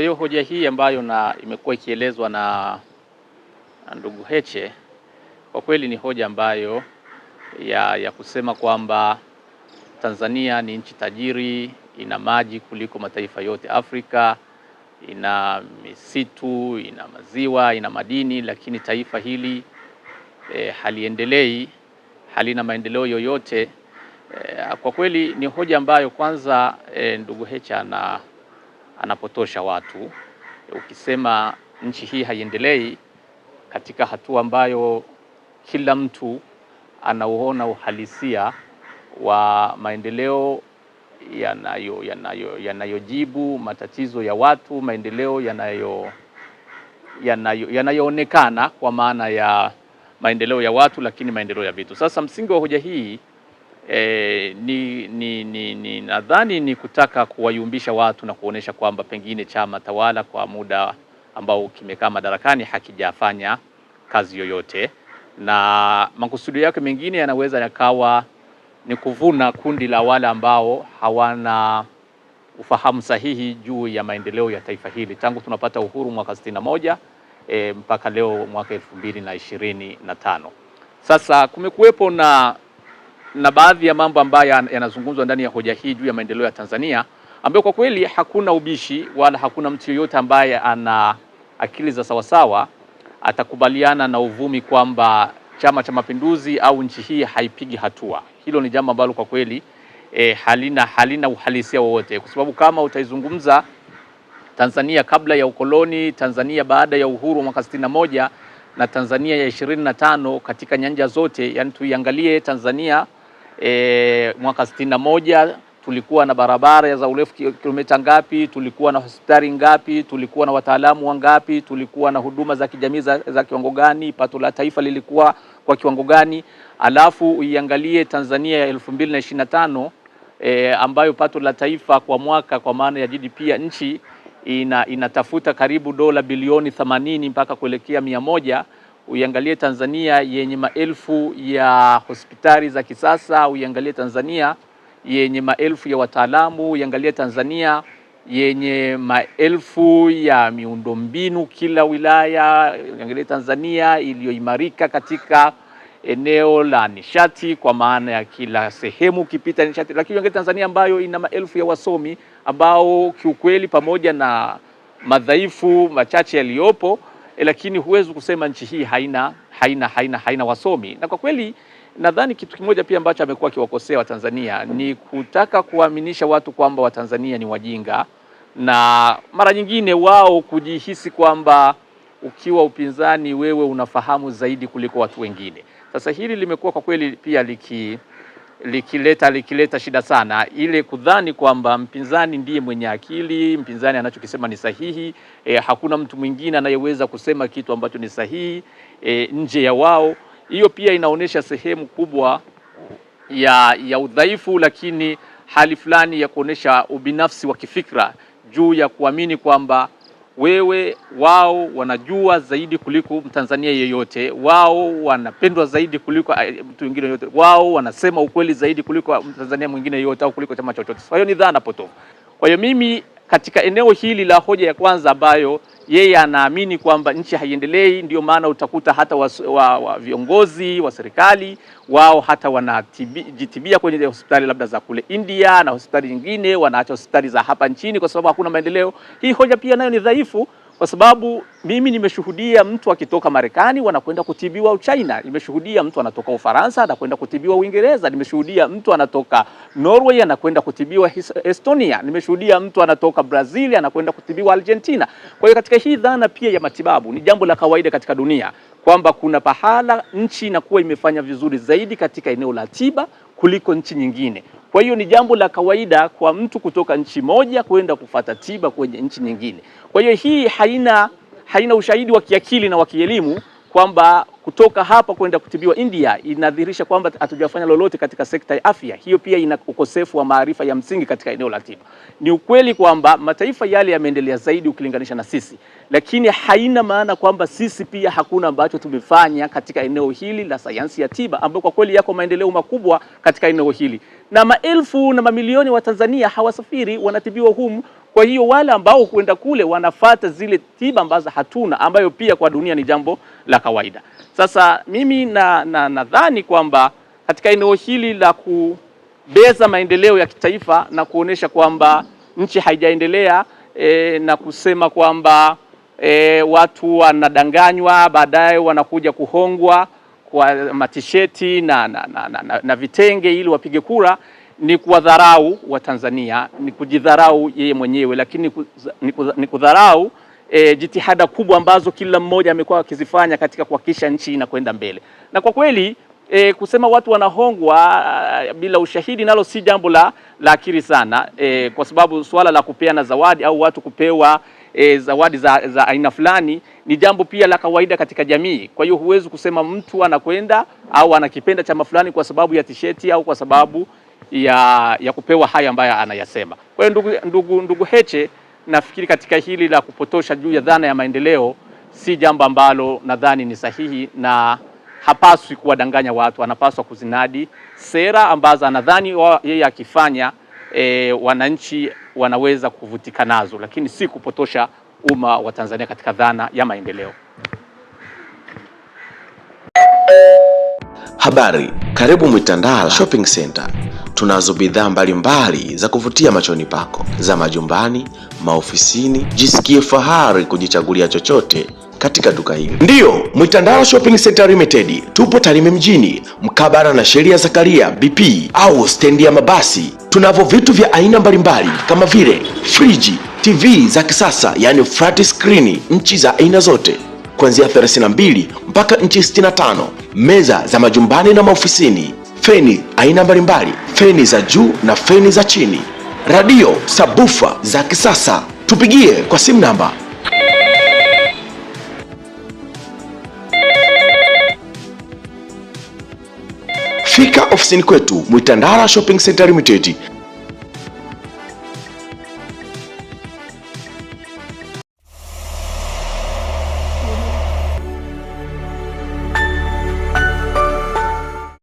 Kwa hiyo hoja hii ambayo na imekuwa ikielezwa na ndugu Heche kwa kweli ni hoja ambayo ya, ya kusema kwamba Tanzania ni nchi tajiri, ina maji kuliko mataifa yote Afrika, ina misitu, ina maziwa, ina madini, lakini taifa hili eh, haliendelei, halina maendeleo yoyote. Eh, kwa kweli ni hoja ambayo kwanza eh, ndugu Heche ana anapotosha watu. Ukisema nchi hii haiendelei katika hatua ambayo kila mtu anauona uhalisia wa maendeleo yanayojibu yanayo, yanayo matatizo ya watu, maendeleo yanayoonekana yanayo, yanayo kwa maana ya maendeleo ya watu, lakini maendeleo ya vitu. Sasa msingi wa hoja hii eh, ni, ni, ni, ni nadhani ni kutaka kuwayumbisha watu na kuonesha kwamba pengine chama tawala kwa muda ambao kimekaa madarakani hakijafanya kazi yoyote, na makusudio yake mengine yanaweza yakawa ni kuvuna kundi la wale ambao hawana ufahamu sahihi juu ya maendeleo ya taifa hili tangu tunapata uhuru mwaka sitini na moja e, mpaka leo mwaka elfu mbili na ishirini na tano. Sasa kumekuwepo na na baadhi ya mambo ambayo yanazungumzwa ndani ya hoja hii juu ya maendeleo ya Tanzania ambayo kwa kweli hakuna ubishi wala hakuna mtu yeyote ambaye ana akili za sawasawa atakubaliana na uvumi kwamba Chama cha Mapinduzi au nchi hii haipigi hatua. Hilo ni jambo ambalo kwa kweli e, halina, halina uhalisia wowote, kwa sababu kama utaizungumza Tanzania kabla ya ukoloni, Tanzania baada ya uhuru mwaka sitini na moja na Tanzania ya ishirini na tano katika nyanja zote, yani tuiangalie Tanzania e, mwaka sitini na moja tulikuwa na barabara za urefu kilomita ngapi, tulikuwa na hospitali ngapi, tulikuwa na wataalamu wangapi, tulikuwa na huduma za kijamii za, za kiwango gani, pato la taifa lilikuwa kwa kiwango gani, alafu uiangalie Tanzania ya elfu mbili na ishirini na tano e, ambayo pato la taifa kwa mwaka kwa maana ya GDP ya nchi ina, inatafuta karibu dola bilioni 80 mpaka kuelekea mia moja uiangalie Tanzania yenye maelfu ya hospitali za kisasa, uiangalie Tanzania yenye maelfu ya wataalamu, uiangalie Tanzania yenye maelfu ya miundombinu kila wilaya, uiangalie Tanzania iliyoimarika katika eneo la nishati kwa maana ya kila sehemu ukipita nishati, lakini uangalie Tanzania ambayo ina maelfu ya wasomi ambao kiukweli, pamoja na madhaifu machache yaliyopo e, lakini huwezi kusema nchi hii haina, haina, haina, haina wasomi. Na kwa kweli nadhani kitu kimoja pia ambacho amekuwa akiwakosea Watanzania ni kutaka kuwaaminisha watu kwamba Watanzania ni wajinga na mara nyingine wao kujihisi kwamba ukiwa upinzani wewe unafahamu zaidi kuliko watu wengine. Sasa hili limekuwa kwa kweli pia liki likileta likileta shida sana, ile kudhani kwamba mpinzani ndiye mwenye akili, mpinzani anachokisema ni sahihi e, hakuna mtu mwingine anayeweza kusema kitu ambacho ni sahihi e, nje ya wao. Hiyo pia inaonyesha sehemu kubwa ya, ya udhaifu, lakini hali fulani ya kuonyesha ubinafsi wa kifikra juu ya kuamini kwamba wewe, wao wanajua zaidi kuliko Mtanzania yeyote, wao wanapendwa zaidi kuliko eh, mtu mwingine yote, wao wanasema ukweli zaidi kuliko Mtanzania mwingine yote au kuliko chama chochote. Kwa hiyo ni dhana potofu. Kwa hiyo mimi katika eneo hili la hoja ya kwanza ambayo yeye anaamini kwamba nchi haiendelei. Ndio maana utakuta hata wa, wa, wa viongozi wa serikali wao hata wanajitibia kwenye hospitali labda za kule India na hospitali nyingine, wanaacha hospitali za hapa nchini kwa sababu hakuna maendeleo. Hii hoja pia nayo ni dhaifu kwa sababu mimi nimeshuhudia mtu akitoka Marekani wanakwenda kutibiwa Uchina, nimeshuhudia mtu anatoka Ufaransa anakwenda kutibiwa Uingereza, nimeshuhudia mtu anatoka Norway anakwenda kutibiwa Estonia, nimeshuhudia mtu anatoka Brazil anakwenda kutibiwa Argentina. Kwa hiyo katika hii dhana pia ya matibabu ni jambo la kawaida katika dunia kwamba kuna pahala nchi inakuwa imefanya vizuri zaidi katika eneo la tiba kuliko nchi nyingine. Kwa hiyo ni jambo la kawaida kwa mtu kutoka nchi moja kwenda kufata tiba kwenye nchi nyingine. Kwa hiyo hii haina haina ushahidi wa kiakili na wa kielimu kwamba kutoka hapa kwenda kutibiwa India inadhihirisha kwamba hatujafanya lolote katika sekta ya afya. Hiyo pia ina ukosefu wa maarifa ya msingi katika eneo la tiba. Ni ukweli kwamba mataifa yale yameendelea zaidi ukilinganisha na sisi, lakini haina maana kwamba sisi pia hakuna ambacho tumefanya katika eneo hili la sayansi ya tiba, ambayo kwa kweli yako maendeleo makubwa katika eneo hili, na maelfu na mamilioni wa Tanzania hawasafiri, wanatibiwa humu kwa hiyo wale ambao huenda kule wanafata zile tiba ambazo hatuna, ambayo pia kwa dunia ni jambo la kawaida. Sasa mimi nadhani na, na kwamba katika eneo hili la kubeza maendeleo ya kitaifa na kuonesha kwamba nchi haijaendelea e, na kusema kwamba e, watu wanadanganywa, baadaye wanakuja kuhongwa kwa matisheti na, na, na, na, na vitenge ili wapige kura ni kuwadharau wa Tanzania, ni kujidharau yeye mwenyewe, lakini ni kudharau e, jitihada kubwa ambazo kila mmoja amekuwa akizifanya katika kuhakikisha nchi inakwenda mbele. Na kwa kweli e, kusema watu wanahongwa eh, bila ushahidi nalo si jambo la akili sana e, kwa sababu suala la kupeana zawadi au watu kupewa e, zawadi za, za aina fulani ni jambo pia la kawaida katika jamii. Kwa hiyo huwezi kusema mtu anakwenda au anakipenda chama fulani kwa sababu ya tisheti au kwa sababu ya, ya kupewa haya ambayo anayasema. Kwa hiyo ndugu, ndugu, ndugu Heche nafikiri katika hili la kupotosha juu ya dhana ya maendeleo si jambo ambalo nadhani ni sahihi na hapaswi kuwadanganya watu, anapaswa kuzinadi sera ambazo anadhani yeye akifanya e, wananchi wanaweza kuvutika nazo, lakini si kupotosha umma wa Tanzania katika dhana ya maendeleo. Habari, karibu mwitandala Shopping Center. Tunazo bidhaa mbalimbali za kuvutia machoni pako za majumbani, maofisini. Jisikie fahari kujichagulia chochote katika duka hili. Ndiyo, Mwitandala Shopping Center Limited, tupo Tarime mjini mkabara na sheria Zakaria BP au stendi ya mabasi. Tunavyo vitu vya aina mbalimbali kama vile friji, TV za kisasa, yani flat screen, nchi za aina zote kuanzia 32 mpaka nchi 65, meza za majumbani na maofisini, feni aina mbalimbali, feni za juu na feni za chini, radio, sabufa za kisasa. Tupigie kwa simu namba Fika ofisini kwetu Mwitandara Shopping Center Limited.